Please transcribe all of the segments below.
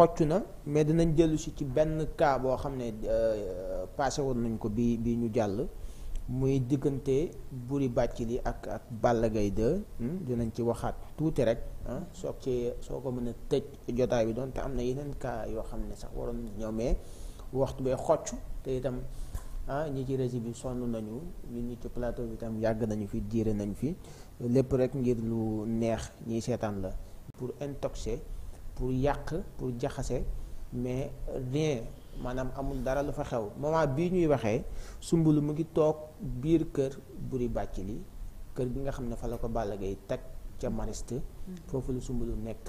xocc na mais dinañ jëlu si ci benn kaa boo xam ne euh, passé woon nañ ko bi bi ñu jàll muy diggante Boury li ak ak Balla Gaye 2 hmm? dinañ ci waxaat tuuti rek soog ci soo ko mën a tëj jotaay bi doon te am na yeneen cas yoo xam ne sax waroon ñëw mais waxtu bee xocc te itam ah ñi ci régie bi sonn nañu ñun ñi ci plateau bi tam yàgg nañu fi diire nañu fi lépp rek ngir lu neex ñiy seetaan la pour intoxer pour yàq pour jaxase mais rien maanaam amul dara lu fa xew moment bii ñuy waxee Soumboulou mu ngi toog biir kër bàcc li kër gi nga xam ne fa la ko Balla Gaye teg ca Mariste mm. foofu la Soumboulou nekk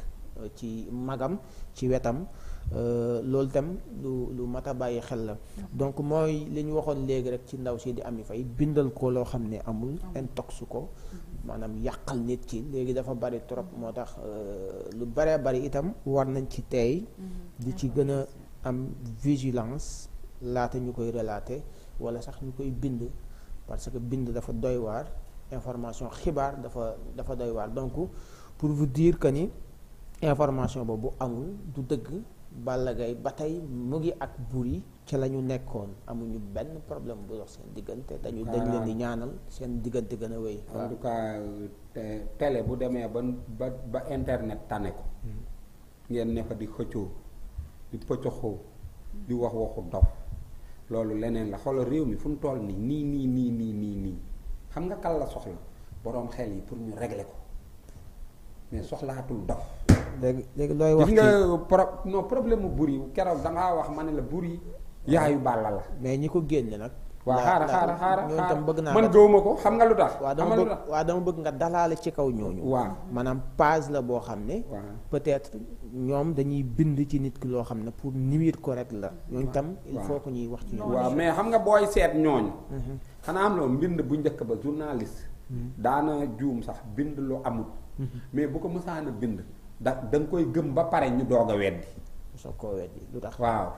ci magam ci wetam euh, loolu itam lu lu mat a bàyyi xel la donc mooy li ñu waxoon léegi rek ci ndaw si di am Ami Faye bindal ko loo xam ne amul intox ko maanaam yàqal nit ki léegi dafa bari trop moo tax euh, lu baree bari itam war nañ ci tey mmh. di ci gën a am vigilance laata ñu koy relater wala sax ñu koy bind parce que bind dafa doy waar information xibaar dafa doy waar donc pour vous dire ni information boobu amul du dëgg Balla Gaye ba tey mu ngi ak Boury ci la ñu nekkoon amuñu benn problème bu dox seen diggante dañu dañ leen ah. ñaanal seen diggante gën a wéy en tout cas bu demee ba ba ba internet tane ko hmm. ngeen ne fa di xëccoo di pëccoxoo di wax waxu dof loolu leneen la xolo réew mi fu mu toll nii nii nii nii nii nii nii xam nga kal la soxla boroom xel yi pour ñu régler ko mais soxlaatul dox léegi léegi looy wax ci nga problème mu buri keroog dangaa wax ma ne la buri yaayu bàlla la. mais ñi ko génne nag. waa xaaral xaaral xaaral ñooñu tam bëgg naa man gëwuma ko xam nga lu tax. waa dama bëgg dama bëgg nga dalaale ci kaw ñooñu. waaw maanaam page la boo xam ne. peut-être ñoom dañuy bind ci nit ki loo xam ne pour niwir ko rek la. ñooñu tam il faut que ñuy wax ci ñoom. waaw mais xam nga booy seet ñooñu. Mhm. xanaa am loolu mbind bu njëkk ba journaliste. Mhm. daana juum sax bind lu amul. Mhm. bu ko mësaan bind. da danga koy gëm ba pare ñu doog a weddi. soo koo weddi lu tax waaw.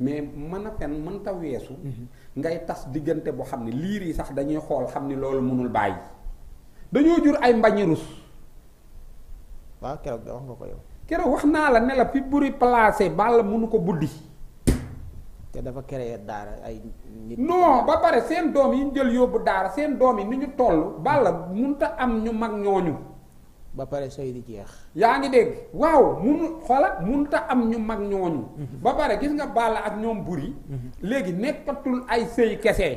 mais mën a fen mënta weesu. Mhm. ngay tas diggante boo xam ne liir yi sax dañuy xool xam ni loolu mënul bàyyi. dañoo jur ay mbañi rus. waaw keroog da wax nga ko yow. keroog wax naa la ne la fi buri placé bàll mënu ko buddi. te dafa créé daara ay. nit ba pare seen doom yi ñu jël yóbbu daara seen doom yi ni ñu toll. bàll mënta am ñu mag ñooñu. ba pare sëy di jeex. yaa ngi dégg waaw munu xoola mënut am ñu mag ñooñu. Mhm. ba pare gis nga Balla ak ñoom buri mhm. léegi nekkatul ay sëy kese.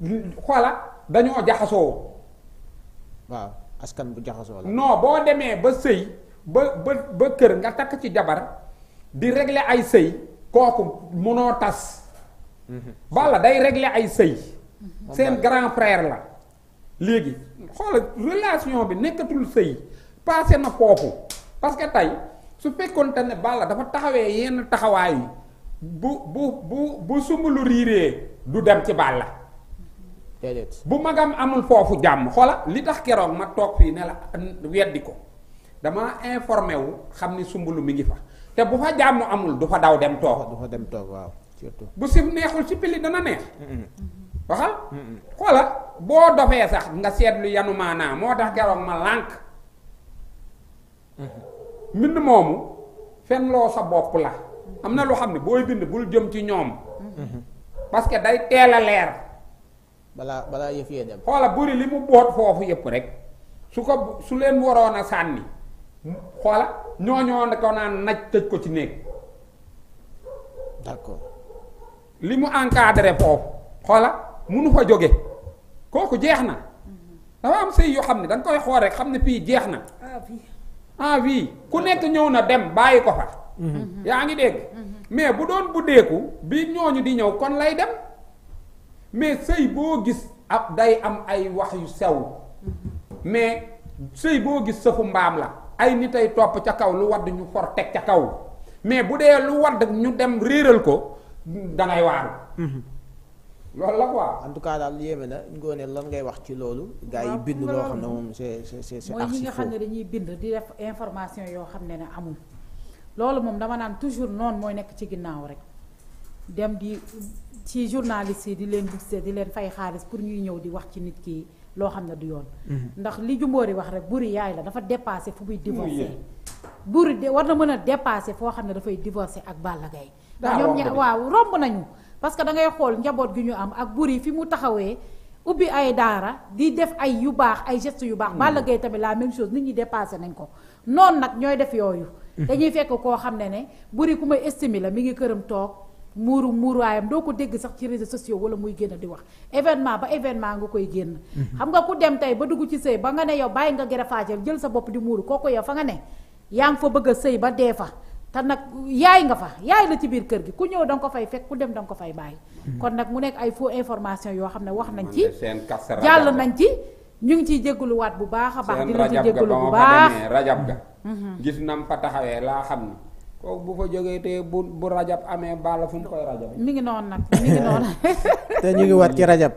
Mhm. xola dañoo jaxasoo. waaw askan bu jaxasoo la. non boo demee ba sëy ba ba ba kër nga takk ci jabar di régler ay sëy kooku mënoo tas. Balla day régler ay sëy. seen grand frère la. léegi xoola relation bi nekkatul sëy passé na foofu parce que tey su fekkonte ne Balla dafa taxawee yenn taxawaay yi bu bu bu sumbulu riiree du dem ci Balla bu magam amul foofu jàmm xoola li tax keroog ma toog fii ne la weddi ko dama informé wu xam ni sumbulu mi ngi fa te bu fa jàmm amul du fa daw dem toog du fa dem toog waaw bu sif neexul si pili dana neex waxal xoola boo dofee sax nga seetlu yanu maanaa moo tax keroog ma lànk mbind moomu fen loo sa bopp la am na loo xam ne booy bind bul jëm ci ñoom parce que day teel a leer balaa balaa yëf yee dem xoola buri li mu boot foofu yëpp rek su ko su leen waroon a sànni xoola ñooñoo ko naa naj tëj ko ci néeg d'accord li mu encadré foofu xoola munu fa jóge kooku jeex na dafa am sëy yoo xam ne da nga koy xool rek xam ne fii jeex na ah, ah oui ku nekk ñëw na dem bàyyi ko fa. Mhm. yaa ngi dégg. Mhm. mais bu doon buddeeku bi ñooñu di ñëw kon lay dem mais sëy boo gis ab day am ay wax yu sew mhm. mais sëy boo gis sëfu mbaam la ay nit ay topp ca kaw lu wadd ñu for teg ca kaw mais bu dee lu wadd ñu dem réeral ko dangay waaru loolu la quoi en tout cas daal yéeme na ngoone lan ngay wax ci loolu. gaa yi bind loo xam ne moom c'est c'est c'est. mooy ñi nga xam ne dañuy bind di def information yoo xam ne ne amul. loolu moom dama naan toujours noonu mooy nekk ci ginnaaw rek dem di ci journaliste yi di leen bugsee di leen fay xaalis pour ñuy ñëw di wax ci nit ki loo xam ne du yoon. Mhm. ndax li jumboori wax rek buri yaay la dafa dépassé fu muy divorcé. buri de war na mën a dépassé foo xam ne dafay divorcé ak Balla Gaye. Ah, ndax parce que da ngay xool njaboot gi ñu am ak buri fi mu taxawee ubbi ay daara di def ay yu baax ay gestes yu baax. Balla Gaye tamit la même chose nit ñi dépassé nañ ko noonu nag ñooy def yooyu. Mm-hmm. dañuy fekk koo xam ne ne buri ku may estimé la mi ngi këram toog muuru muuruwaayam doo ko dégg sax ci réseaux sociaux wala muy génn di wax événement ba événement nga koy génn. Mm-hmm. xam nga ku dem tey ba dugg ci sëy ba nga ne yow bàyyi nga gërëfaajal jël sa bopp di muuru kooku yow fa nga ne yaa ngi fa bëgg a sëy ba dee fa. te nag yaay nga fa yaay la ci biir kër gi ku ñëw danga ko fay fekk ku dem danga nga ko fay bàyyi. Hmm. kon nag mu nekk ay faux information yoo xam ne wax nañ ci jàll nañ ci ñu ngi ciy jégaluwaat bu baax a baax. dina ci jégalu bu baax rajab ga hmm. gis nam fa taxawee laa xam ne kooku bu fa jógee te bu bu rajab amee baala fu mu koy rajab mi ngi noon nag mi ngi noonu. te ñu ngi waat ci rajab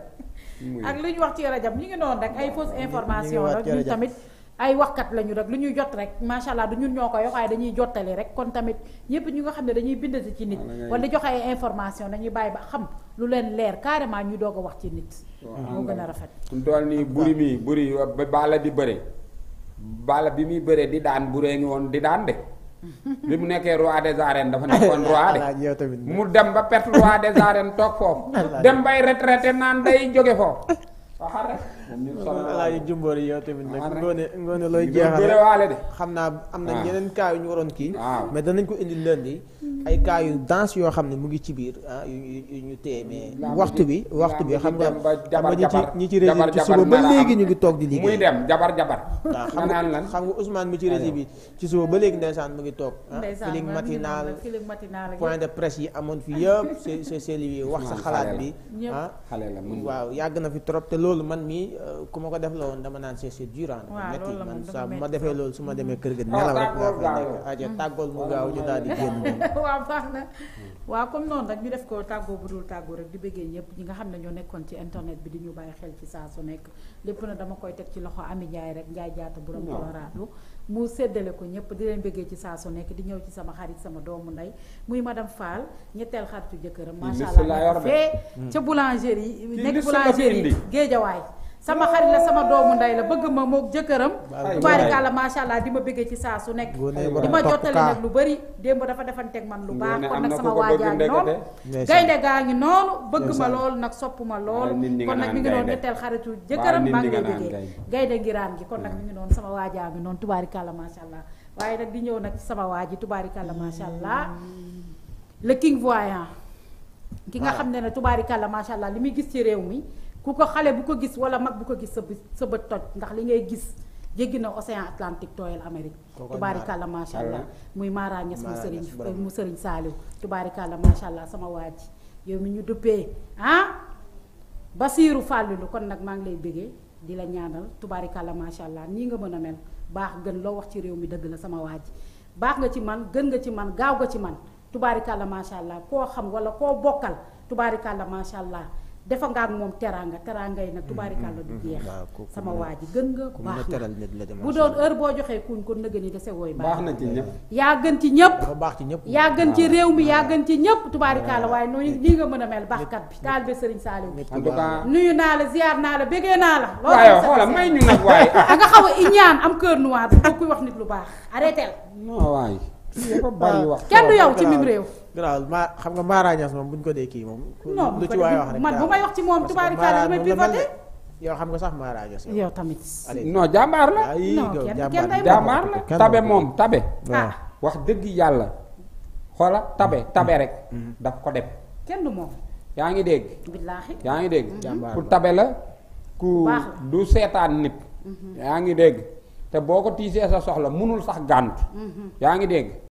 ak li ñu wax ci rajab ñu ngi noonu rek ay fausse information rek ñu tamit. ay waxkat lañu rek lu ñuy jot rek macha allah du ñun ñoo ko wax dañuy jottali rek kon tamit ñëpp ñi nga xam ne dañuy bindati ci nit. wala di joxe ay information dañuy bàyyi ba xam lu leen leer carrément ñu doog a wax ci nit. moo gën a rafet. mu toll nii buri mi buri baala di bëre baala bi muy bëree di daan buree ngi woon di daan de. bi mu nekkee roi des arènes dafa nekkoon roi mu dem ba perte roi des arènes toog foofu. dem bay retraité naan day jóge foofu. alaaji jumboor yi yow tamit nag ngoone ngoone looy jeexal de xam naa am na yeneen cas yu ñu waroon kii mais danañ ko indi lundi ay cas yu danse yoo xam ne mu ngi ci biir ah yu ñu téye mais waxtu bi waxtu bi xam nga xam nga ñi ci ñi ci régie ci suba ba léegi ñu ngi toog di liggéey dem jabar jabar waaw xam nga xam nga Ousmane mi ci régie bi ci suba ba léegi ndeysaan mu ngi toog ah, feeling matinal point de presse yi amoon fi yëpp se c'est lié wax sa xalaat bi ah waaw yàgg na fi trop te loolu man mii Euh, ku ma ko def la woon dama naan c'est dur ah, métti man saa ma defee loolu su ma demee mm-hmm. kër ga oh, nelaw rek nga fa nekk aja tàggool mu mm-hmm. gaaw ñu daal di génn waaw baax na waaw comme noonu rek ñu def ko tàggoo bu dul tàggoo rek di bëggee ñëpp ñi nga xam ne ñoo nekkoon ci internet bi di ñu bàyyi xel ci saa su nekk lépp na dama ko ñëpp di leen bëggee ci saa su nekk di ñëw ci sama xarit sama doomu ndey muy madame Fall ñetteel xaritu jëkkëram macha allah fee mm. ca boulangerie nekk boulangerie géejawaay sama xarit la sama doomu ndey la bëgg ma moog jëkkëram tubaarikàlla macha allah di ma bëggee ci saa su nekk di ma jottale nag lu bari démb dafa defanteeg man lu baax kon nag sama waajaa ngi noonu ngi noonu bëgg ma lool nag sopp lool kon nag mi ngi noonu gaynde ngiraan gi kon nag mi ngi noonu sama waajaa ngi noonu tubaarikàlla macha allah waaye nag di ñëw nag ci sama waa ji tubaarikàlla macha allah le king voyant ki nga xam ne ne tubaarikàlla macha allah li muy gis ci réew mi bu ko xale bu ko gis wala mag bu ko gis sa bët sa bët toj ndax li ngay gis jéggi na océan Atlantique tooyal Amérique tubaarikàlla macha allah eh? muy Mara Niass mu sëriñ mu sëriñ Saaliw tubaarikàlla macha allah sama waa ji yow ñu duppee ah Basiiru Fàllilu kon nag maa ngi lay bégee di la ñaanal tubaarikàlla macha allah nii nga mën a mel baax gën loo wax ci réew mi dëgg la sama waa ji baax nga ci man gën nga ci man gaaw nga ci man tubaarikàlla macha allah koo xam wala koo bokkal tubaarikàlla macha allah defa nga ak moom teraanga teraanga yi nag tubaarikàlla du mm-hmm. jeex mm-hmm. sama waa ji gën nga baax nga bu doon heure boo joxee kuñ ko nëgë ni dese wooy baax na ci ñëpp yaa gën ci ñëpp yaa gën ci réew mi yaa gën ci ñëpp tubaarikàlla waaye noonu lii nga mën a mel baaxkat bi taalibe Serigne Saliou en tout cas nuyu naa la ziar naa la bégee naa la loolu xoola may ñu nag waaye a nga xaw a iñaan am kër cœur noir bu kuy wax nit lu baax arrêté la waay Ah, kenn du yow ci mim réew. nga Mara Niass moom bu ko dee kii moom. lu ci waay man bu may wax ci moom tubaarikaala damay pivoté. yow xam nga sax Mara Niass tamit. non jàmbaar la. non tabe moom tabe. Ah. Ah. wax dëgg yàlla. xoola tabe tabe rek. Mm-hmm. daf ko dem. kenn du moom. yaa ngi dégg. yaa ngi dégg. Mm-hmm. jàmbaar tabe la. ku du seetaan nit. Mm-hmm. yaa ngi dégg. te boo ko tiisee sa soxla munul sax gàntu mm-hmm. yaa ngi dégg